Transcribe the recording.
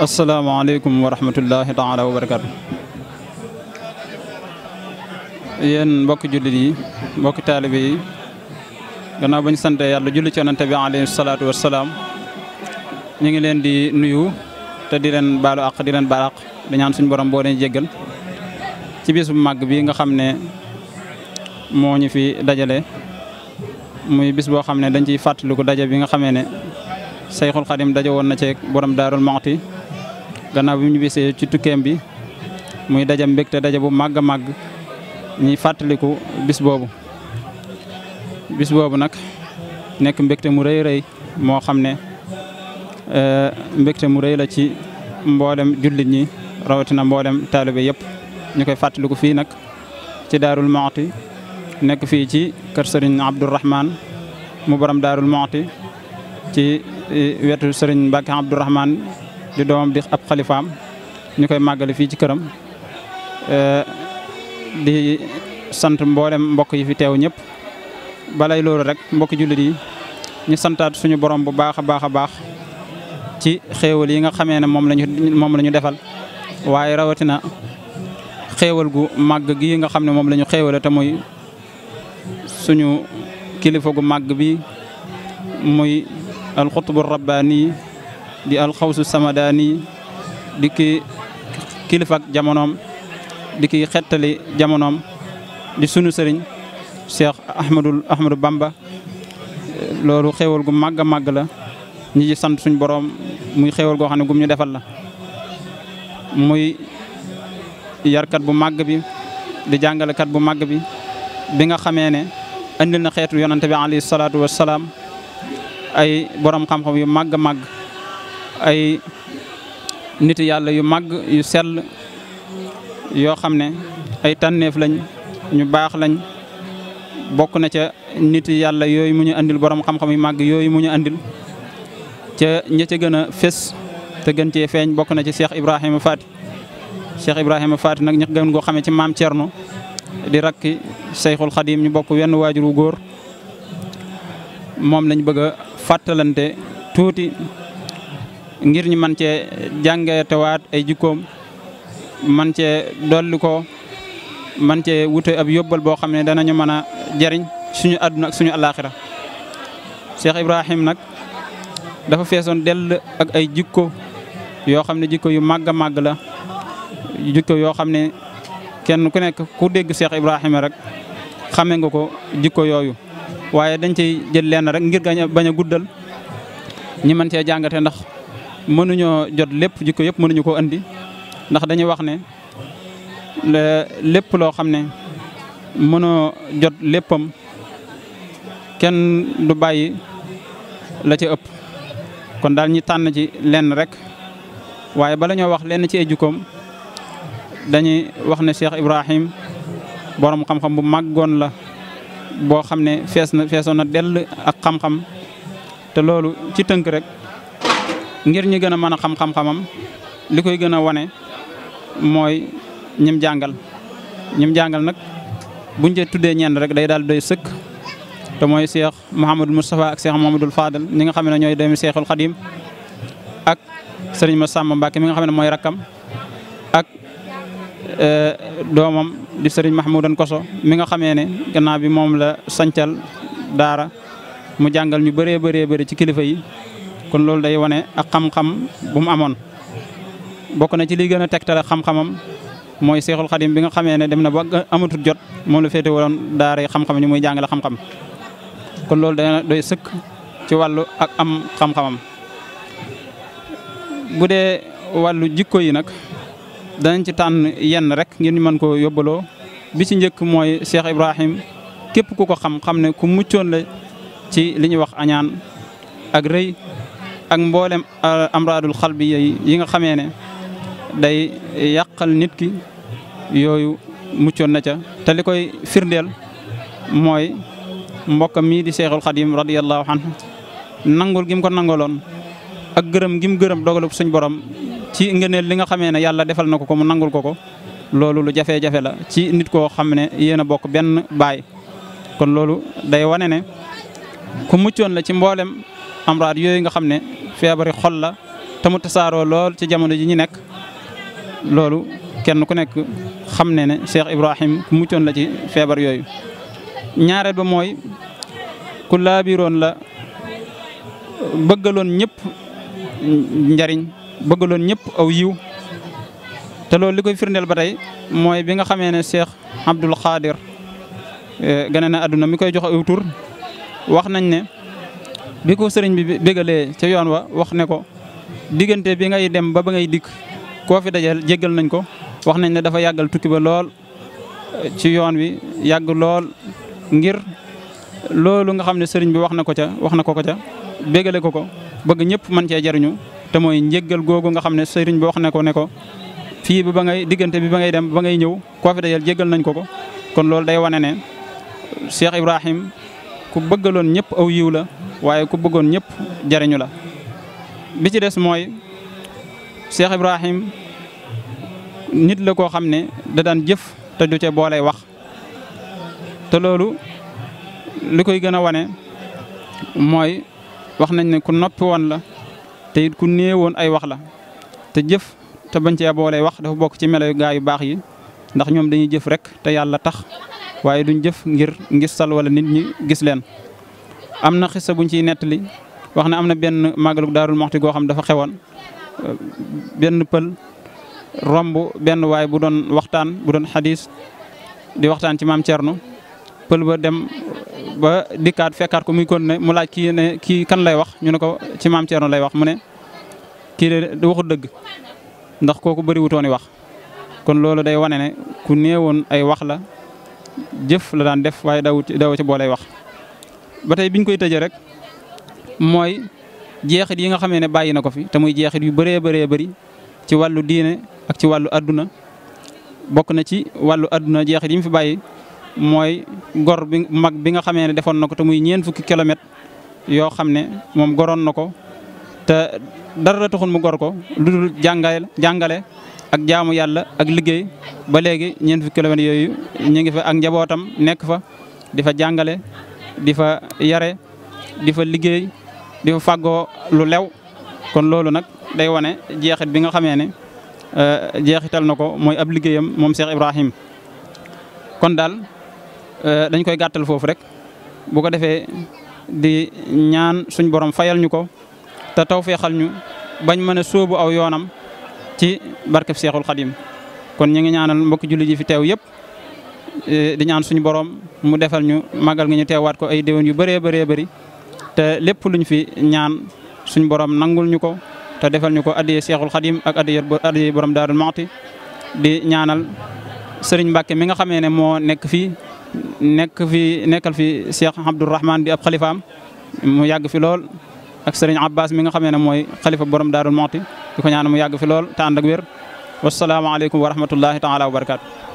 Assalamualaikum warahmatullahi taala wabarakatuh. Yen yéen julit yi mbokki talib yi ganna bañ sante yalla julli ci nante bi alayhi salatu wassalam ñi ngi len di nuyu te di len balu ak di len baal di ñaan suñu borom bo leen jéggal ci bisu mag bi nga xam ne ñu fi dajale muy bis bo xam dañ ci fatlu ko dajé bi nga xamee ne Sayxul Xadim daje woon na ci borom darul maqti gannaaw bi mu ñibbisee ci tukkeem bi muy daja mbégte daja bu màgg a màgg ñuy fàttaliku bis boobu. bis boobu nag nekk mbégte mu rëy rëy moo xam ne euh, mbégte mu rëy la ci mboolem jullit ñi rawatina mboolem taalibe yëpp ñu koy fàttaliku fii nag ci Daarul Muxti nekk fii ci kër Serigne Abdourahman mu borom Daarul Muxti ci eh, wetu Serigne Mbacke Abdourahman di doom di ab xalifaam ñu koy màggale fii ci këram eh, di sant mboolem mbokk yi fi teew ñëpp balay loolu rek mbokki jullit yi ñu santaat suñu borom bu baax a baax a baax ci xéewal yi nga xamee ne moom lañu moom la defal waaye rawatina xéewal gu màgg gi nga xam ne moom lañu ñu xéewale te muy suñu kilifa gu màgg bi muy alxutbu nii di alxawsu samadaani di ki kilifak jamonoom di ki xettali jamonoom di sunu sëriñ cheikh ahmadul ahmadou bamba loolu xewal gu màgg a màgg la ñi ci sant suñ boroom muy xéewal goo xam ne gum ñu defal la muy yarkat bu màgg bi di jàngalekat bu màgg bi bi nga xamee ne andil na xeetu yonante bi alayhi salaatu wasalaam ay boroom xam-xam yu màgg a màgg ay nit yalla yu mag yu sell yo xamne ne ay tanef lañ ñu bax lañ bokku na ca nit yalla yoy mu ñu andil borom xam-xam yu mag yoy mu ñu andil ca ña ca gën a te gën ci feñ bokku na ci Cheikh Ibrahima fat Cheikh Ibrahima fat nak ñi gën go xamee ci mam Thierno di rakki cheikhul khadim ñu bokku wenn wajuru wu mom lañ bëgg fatalante ngir ñu man cee jàngatewaat ay jikkoom man cee dolli ko man cee wute ab yóbbal boo xam ne danañu mën a jariñ suñu àdduna ak suñu àllaaxira Cheikh Ibrahim nag dafa feesoon dell ak ay jikko yoo xam ne jikko yu màgg màgg la jikko yoo xam ne kenn ku nekk ku dégg Cheikh Ibrahima rek xame nga ko jikko yooyu waaye dañ cey jël lenn rek ngir bañ a guddal ñi mën cee jàngate ndax mënuñoo jot lépp jikko yëpp mënuñu koo andi ndax dañuy wax ne lépp loo xam ne mënoo jot léppam kenn du bàyyi la ca ëpp kon daal ñi tànn ci lenn rek waaye bala ñoo wax lenn ci ay jikkoom dañuy wax ne Cheikh Ibrahim boroom xam-xam bu màggoon la boo xam ne fees na feesoon na dell ak xam-xam te loolu ci tënk rek. ngir ñu gën a mën a xam-xam-xamam li koy gën a wane mooy ñim jàngal ñim jàngal nag buñ cee tuddee ñenn rek day daal doy sëkk te mooy Cheikh Mouhamadul Moustapha ak Cheikh Mouhamadul Fadal ñi nga xam ne ñooy doomi Cheikhul Khadim ak sëriñ ma Samba Mbacke mi nga xam ne mooy rakkam ak e, doomam di sëriñ Mahmoudan Koso mi nga xamee ne gannaaw bi moom la sancal daara mu jàngal ñu bëree bëree bëri ci kilifa yi kon loolu day wane ak xam-xam bu mu amoon bokk na ci liy gën a tegtale xam-xamam mooy seexul xadim bi nga xamee ne dem na ba amatul jot moom la féete woon daara xam-xam ni muy jàngale xam-xam kon loolu day doy sëkk ci wàllu ak am xam-xamam bu dee wàllu jikko yi nag danañ ci tànn yenn rek ngir ñu mën koo yóbbaloo bi ci njëkk mooy Cheikh Ibrahim képp ku ko xam xam ne ku muccoon la ci li ñuy wax añaan ak rëy ak mboolem euh, amraadul xalbi yi nga xamee ne day yàqal nit ki yooyu muccoon na ca te li koy firndeel mooy mbokkam mii di seexul xadim radiyallahu anhu nangul gim ko nangaloon ak gërëm gim gërëm dogalub suñ borom ci ngëneel li nga xamee ne yàlla defal na ko ko mu nangul ko ko loolu lu jafe-jafe la ci nit koo xam ne yéen a bokk benn baay kon loolu day wane ne ku muccoon la ci mboolem amraad yooyu nga xam ne feebari xol la te mu tasaaroo lool ci jamono ji ñu nekk loolu kenn ku nekk xam ne ne seex Ibrahim ku muccoon la ci feebar yooyu ñaareel ba mooy ku laabiroon la bëggaloon ñëpp njariñ bëggaloon ñëpp aw yiw te loolu li koy firndeel ba tey mooy bi nga xamee ne Cheikh Abdul Xaadir eh, gane na àdduna mi koy joxe aw wax nañ ne bi ko sëriñ bi bégalee ca yoon wa wax ne ko diggante bi ngay dem ba ba ngay dikk koo fi dajal jéggal nañ ko wax nañ ne dafa yàggal tukki ba lool ci yoon wi yàgg lool ngir loolu nga xam ne sëriñ bi wax na ko ca wax na ko ko ca bégale ko ko bëgg ñëpp mën cee jariñu te mooy njéggal googu nga xam ne sëriñ bi wax na ko ne ko fii ba ba ngay diggante bi ba ngay dem ba ngay ñëw koo fi dajal jéggal nañ ko ko kon loolu day wane ne Cheikh Ibrahim ku bëggaloon ñëpp aw yiw la waaye ku bëggoon ñëpp jariñu la bi ci des mooy Cheikh Ibrahim nit la koo xam ne da daan jëf te du ca boolay wax te loolu li koy gën a wane mooy wax nañ ne ku noppi woon la te it ku néew woon ay wax la te jëf te bañ cee boolay wax dafa bokk ci melo yu gaa yu baax yi ndax ñoom dañuy jëf rek te yàlla tax waaye duñ jëf ngir ngis ngistal wala nit ñi gis leen. am na xisa buñ ciy nettali wax ne am na benn màggalu daarul moxti goo xam dafa xewoon benn pël romb benn waay bu doon waxtaan bu doon xadis di waxtaan ci maam Thierno pël ba dem ba dikkaat fekkaat ko muy kon ne mu laaj kii ne kii kan lay wax ñu ne ko ci maam Thierno lay wax mu ne kii de waxut dëgg ndax kooku bëri wutoon wax kon loolu day wane ne ku woon ay wax la. jëf la daan def waaye daawu daawu ci boolay wax. ba tey biñ koy tëjee rek mooy jeexit yi nga xamee ne bàyyi na ko fi te muy jeexit yu bëree bëree bari ci wàllu diine ak ci wàllu adduna bokk na ci wàllu adduna jeexit yi mu fi bàyyi. mooy gor bi mag bi nga xamee ne defoon na ko te muy ñeent fukki kilomètre yoo xam ne moom goroon na ko te dara taxul mu gor ko lu dul jàngale jàngale ak jaamu yàlla ak liggéey ba léegi ñeent fukki kilomètres yooyu ñu ngi fa ak njabootam nekk fa di fa jàngale di fa yare di fa liggéey di fa fàggoo lu lew kon loolu nag day wane jeexit bi nga xamee ne euh, jeexital na ko mooy ab liggéeyam moom Cheikh Ibrahim kon daal euh, dañ koy gàttal foofu rek bu ko defee di ñaan suñ borom fayal ñu ko te tawfeexal ñu bañ mën a sóobu aw yoonam ci barkeb cheikhul khadim kon ñi ngi ñaanal mbokk julli ji fi tew yëpp e, di ñaan suñu borom mu defal ñu magal nga ñu tewat ko ay deewon yu bëree bëree bëri te lepp luñ fi ñaan suñu borom nangul ñuko ko te defal ñuko ko cheikhul khadim ak adiy adiy borom darul maati di ñaanal serigne Mbàkke mi nga xamé ne mo nek fi nek fi nekkal fi Cheikh Abdourahman di ab khalifam mu yag fi lol ak sëriñ Abbas mi nga xamee ne mooy xalifa borom Daarul Muxti di ko ñaan mu yàgg fi lool te ànd ak wér wasalaamaaleykum wa rahmatullahi taala wa barakaatu.